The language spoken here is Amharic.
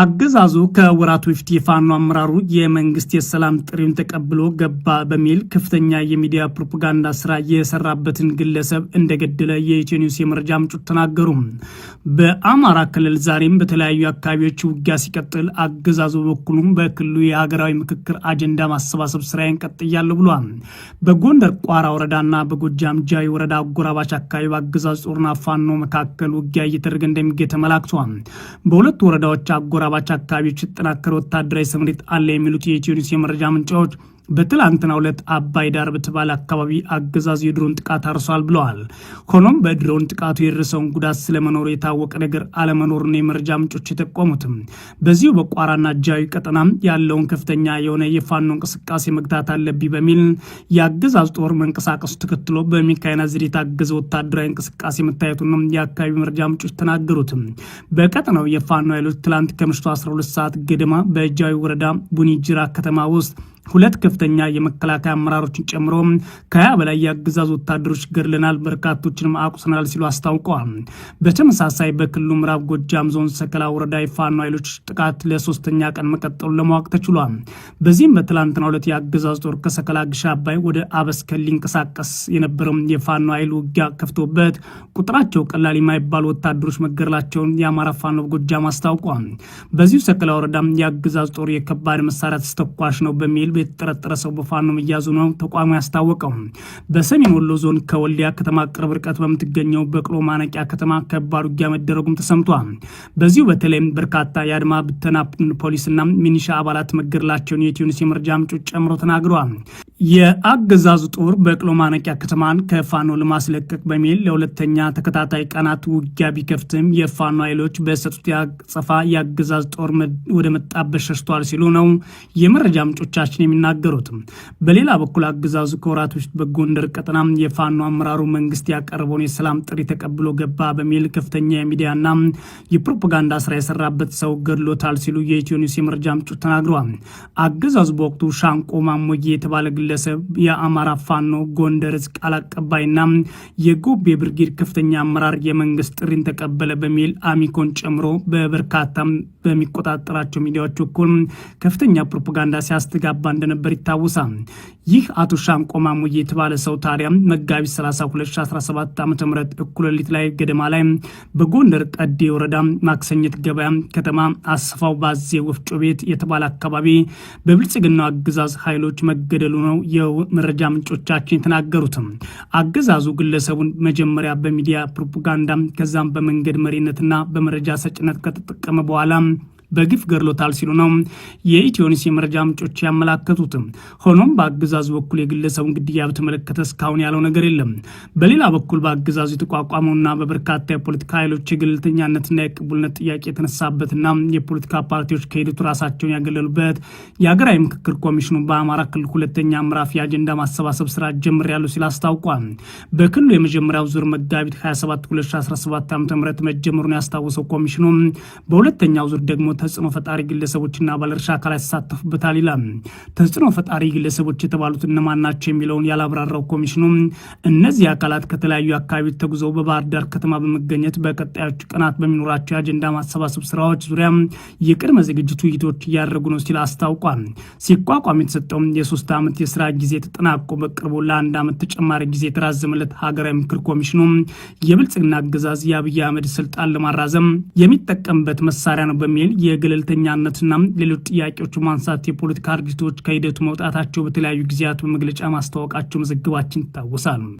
አገዛዙ ከወራቱ በፊት የፋኖ አመራሩ የመንግስት የሰላም ጥሪውን ተቀብሎ ገባ በሚል ከፍተኛ የሚዲያ ፕሮፓጋንዳ ስራ የሰራበትን ግለሰብ እንደገደለ የኢትዮ ኒውስ የመረጃ ምንጮች ተናገሩ። በአማራ ክልል ዛሬም በተለያዩ አካባቢዎች ውጊያ ሲቀጥል፣ አገዛዙ በበኩሉም በክልሉ የሀገራዊ ምክክር አጀንዳ ማሰባሰብ ስራዬን ቀጥያለሁ ብሏል። በጎንደር ቋራ ወረዳና በጎጃም ጃዊ ወረዳ አጎራባች አካባቢ በአገዛዙ ጦርና ፋኖ መካከል ውጊያ እየተደረገ እንደሚገኝ ተመላክቷል። በሁለቱ ወረዳዎች አጎራ አጎራባች አካባቢዎች የተጠናከረ ወታደራዊ ስምሪት አለ የሚሉት የኢትዮኒስ የመረጃ ምንጫዎች በትላንትና ሁለት አባይ ዳር በተባለ አካባቢ አገዛዝ የድሮን ጥቃት አርሷል ብለዋል። ሆኖም በድሮን ጥቃቱ የደረሰውን ጉዳት ስለመኖሩ የታወቀ ነገር አለመኖሩን የመረጃ ምንጮች የጠቆሙትም በዚሁ በቋራና እጃዊ ቀጠና ያለውን ከፍተኛ የሆነ የፋኖ እንቅስቃሴ መግታት አለብኝ በሚል የአገዛዝ ጦር መንቀሳቀሱ ተከትሎ ዝድ የታገዘ ወታደራዊ እንቅስቃሴ መታየቱን ነው የአካባቢ መረጃ ምንጮች ተናገሩትም። በቀጠናው የፋኖ ኃይሎች ትላንት ከምሽቱ 12 ሰዓት ገደማ በእጃዊ ወረዳ ቡኒጅራ ከተማ ውስጥ ሁለት ከፍተኛ የመከላከያ አመራሮችን ጨምሮ ከሀያ በላይ የአገዛዝ ወታደሮች ገድለናል፣ በርካቶችንም አቁስናል ሲሉ አስታውቀዋል። በተመሳሳይ በክልሉ ምዕራብ ጎጃም ዞን ሰከላ ወረዳ የፋኖ ኃይሎች ጥቃት ለሶስተኛ ቀን መቀጠሉ ለማወቅ ተችሏል። በዚህም በትላንትና ሁለት የአገዛዝ ጦር ከሰከላ ግሻ አባይ ወደ አበስከል ሊንቀሳቀስ የነበረው የፋኖ ኃይል ውጊያ ከፍቶበት ቁጥራቸው ቀላል የማይባሉ ወታደሮች መገደላቸውን የአማራ ፋኖ ጎጃም አስታውቋል። በዚሁ ሰከላ ወረዳ የአገዛዝ ጦር የከባድ መሳሪያ ተስተኳሽ ነው በሚል የተጠረጠረ ሰው በፋኖ መያዙ ነው ተቋሙ ያስታወቀው። በሰሜን ወሎ ዞን ከወልዲያ ከተማ ቅርብ ርቀት በምትገኘው በቅሎ ማነቂያ ከተማ ከባድ ውጊያ መደረጉም ተሰምቷል። በዚሁ በተለይም በርካታ የአድማ ብተና ፖሊስና ሚኒሻ አባላት መገደላቸውን የትዩኒስ የመረጃ ምንጮች ጨምሮ ተናግረዋል። የአገዛዙ ጦር በቅሎ ማነቂያ ከተማን ከፋኖ ለማስለቀቅ በሚል ለሁለተኛ ተከታታይ ቀናት ውጊያ ቢከፍትም የፋኖ ኃይሎች በሰጡት ያጸፋ የአገዛዝ ጦር ወደ መጣበት ሸሽቷል ሲሉ ነው የመረጃ ምንጮቻችን የሚናገሩት። በሌላ በኩል አገዛዙ ከወራት በፊት በጎንደር ቀጠና የፋኖ አመራሩ መንግስት ያቀረበውን የሰላም ጥሪ ተቀብሎ ገባ በሚል ከፍተኛ የሚዲያና የፕሮፓጋንዳ ስራ የሰራበት ሰው ገድሎታል ሲሉ የኢትዮኒውስ የመረጃ ምንጮች ተናግረዋል። አገዛዙ በወቅቱ ሻንቆ ማሞጌ የተባለ ግለሰብ የአማራ ፋኖ ጎንደር ዕዝ ቃል አቀባይና የጎቤ የብርጌድ ከፍተኛ አመራር የመንግስት ጥሪን ተቀበለ በሚል አሚኮን ጨምሮ በበርካታ በሚቆጣጠራቸው ሚዲያዎች በኩል ከፍተኛ ፕሮፓጋንዳ ሲያስተጋባ እንደነበር ይታወሳል። ይህ አቶ ሻምቆ ማሙዬ የተባለ ሰው ታዲያ መጋቢት 32017 ዓ ም እኩለ ሌሊት ላይ ገደማ ላይ በጎንደር ጠዴ ወረዳ ማክሰኘት ገበያ ከተማ አስፋው ባዜ ወፍጮ ቤት የተባለ አካባቢ በብልጽግናው አገዛዝ ኃይሎች መገደሉ ነው ነው የመረጃ ምንጮቻችን የተናገሩትም። አገዛዙ ግለሰቡን መጀመሪያ በሚዲያ ፕሮፓጋንዳ ከዛም በመንገድ መሪነትና በመረጃ ሰጭነት ከተጠቀመ በኋላ በግፍ ገድሎታል ሲሉ ነው የኢትዮኒስ የመረጃ ምንጮች ያመላከቱትም። ሆኖም በአገዛዙ በኩል የግለሰቡን ግድያ በተመለከተ እስካሁን ያለው ነገር የለም። በሌላ በኩል በአገዛዙ የተቋቋመውና በበርካታ የፖለቲካ ኃይሎች የገለልተኛነትና የቅቡልነት ጥያቄ የተነሳበትና የፖለቲካ ፓርቲዎች ከሂደቱ ራሳቸውን ያገለሉበት የሀገራዊ ምክክር ኮሚሽኑ በአማራ ክልል ሁለተኛ ምዕራፍ የአጀንዳ ማሰባሰብ ስራ ጀምሬያለሁ ሲል አስታውቋል። በክልሉ የመጀመሪያው ዙር መጋቢት 27 2017 ዓ ም መጀመሩን ያስታወሰው ኮሚሽኑ በሁለተኛው ዙር ደግሞ ተጽዕኖ ፈጣሪ ግለሰቦችና ባለእርሻ አካላት ይሳተፉበታል ይላል። ተጽዕኖ ፈጣሪ ግለሰቦች የተባሉት እነማን ናቸው የሚለውን ያላብራራው ኮሚሽኑ እነዚህ አካላት ከተለያዩ አካባቢዎች ተጉዘው በባህር ዳር ከተማ በመገኘት በቀጣዮቹ ቀናት በሚኖራቸው የአጀንዳ ማሰባሰብ ስራዎች ዙሪያ የቅድመ ዝግጅት ውይይቶች እያደረጉ ነው ሲል አስታውቋል። ሲቋቋም የተሰጠውም የሶስት ዓመት የስራ ጊዜ ተጠናቆ በቅርቡ ለአንድ ዓመት ተጨማሪ ጊዜ የተራዘመለት ሀገራዊ ምክር ኮሚሽኑ የብልጽግና አገዛዝ የአብይ አህመድ ስልጣን ለማራዘም የሚጠቀምበት መሳሪያ ነው በሚል የገለልተኛነትና ሌሎች ጥያቄዎች ማንሳት የፖለቲካ ድርጅቶች ከሂደቱ መውጣታቸው በተለያዩ ጊዜያት በመግለጫ ማስታወቃቸው መዘግባችን ይታወሳል።